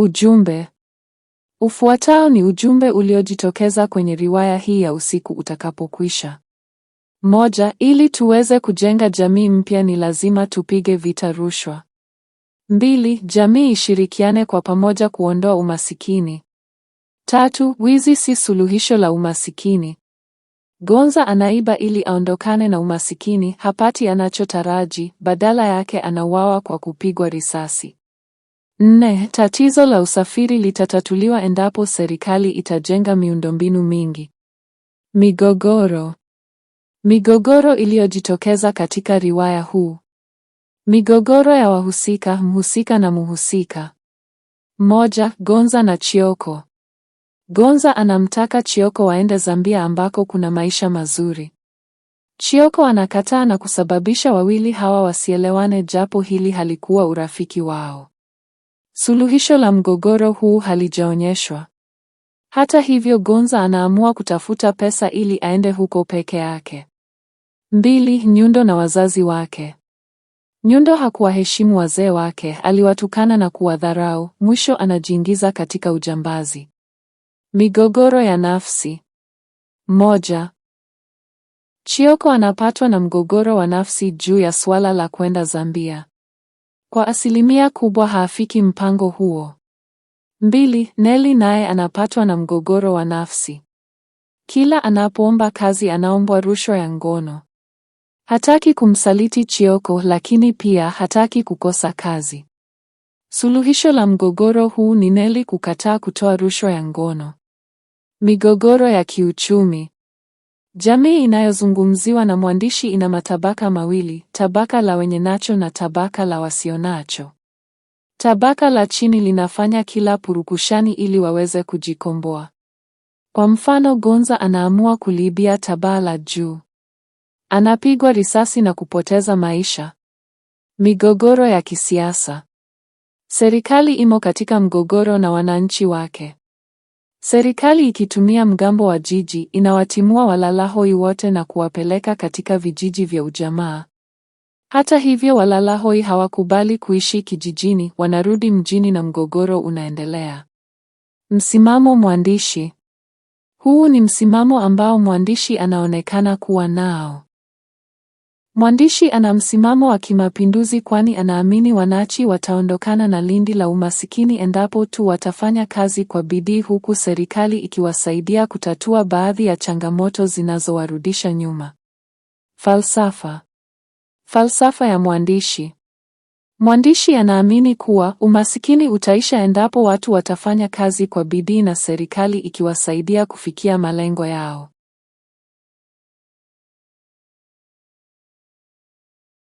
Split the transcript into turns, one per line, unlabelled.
Ujumbe ufuatao ni ujumbe uliojitokeza kwenye riwaya hii ya Usiku Utakapokwisha. Moja, ili tuweze kujenga jamii mpya ni lazima tupige vita rushwa. Mbili, jamii ishirikiane kwa pamoja kuondoa umasikini. Tatu, wizi si suluhisho la umasikini. Gonza anaiba ili aondokane na umasikini, hapati anachotaraji, badala yake anauawa kwa kupigwa risasi. Nne, tatizo la usafiri litatatuliwa endapo serikali itajenga miundombinu mingi. Migogoro. Migogoro iliyojitokeza katika riwaya huu. Migogoro ya wahusika, mhusika na mhusika. Moja, Gonza na Chioko. Gonza anamtaka Chioko waende Zambia ambako kuna maisha mazuri. Chioko anakataa na kusababisha wawili hawa wasielewane japo hili halikuwa urafiki wao. Suluhisho la mgogoro huu halijaonyeshwa. Hata hivyo, Gonza anaamua kutafuta pesa ili aende huko peke yake. Mbili, Nyundo na wazazi wake. Nyundo hakuwaheshimu wazee wake, aliwatukana na kuwadharau, mwisho anajiingiza katika ujambazi. Migogoro ya nafsi. Moja, Chioko anapatwa na mgogoro wa nafsi juu ya suala la kwenda Zambia kwa asilimia kubwa haafiki mpango huo. Mbili, Nelly naye anapatwa na mgogoro wa nafsi. Kila anapoomba kazi anaombwa rushwa ya ngono. Hataki kumsaliti Chioko, lakini pia hataki kukosa kazi. Suluhisho la mgogoro huu ni Nelly kukataa kutoa rushwa ya ngono. Migogoro ya kiuchumi. Jamii inayozungumziwa na mwandishi ina matabaka mawili, tabaka la wenye nacho na tabaka la wasionacho. Tabaka la chini linafanya kila purukushani ili waweze kujikomboa. Kwa mfano, Gonza anaamua kuliibia tabaa la juu. Anapigwa risasi na kupoteza maisha. Migogoro ya kisiasa. Serikali imo katika mgogoro na wananchi wake. Serikali ikitumia mgambo wa jiji inawatimua walalahoi wote na kuwapeleka katika vijiji vya ujamaa. Hata hivyo, walalahoi hawakubali kuishi kijijini, wanarudi mjini na mgogoro unaendelea. Msimamo mwandishi. Huu ni msimamo ambao mwandishi anaonekana kuwa nao. Mwandishi ana msimamo wa kimapinduzi kwani anaamini wananchi wataondokana na lindi la umasikini endapo tu watafanya kazi kwa bidii huku serikali ikiwasaidia kutatua baadhi ya changamoto zinazowarudisha nyuma. Falsafa. Falsafa ya mwandishi. Mwandishi anaamini kuwa umasikini utaisha endapo watu watafanya kazi kwa bidii na serikali ikiwasaidia kufikia malengo yao.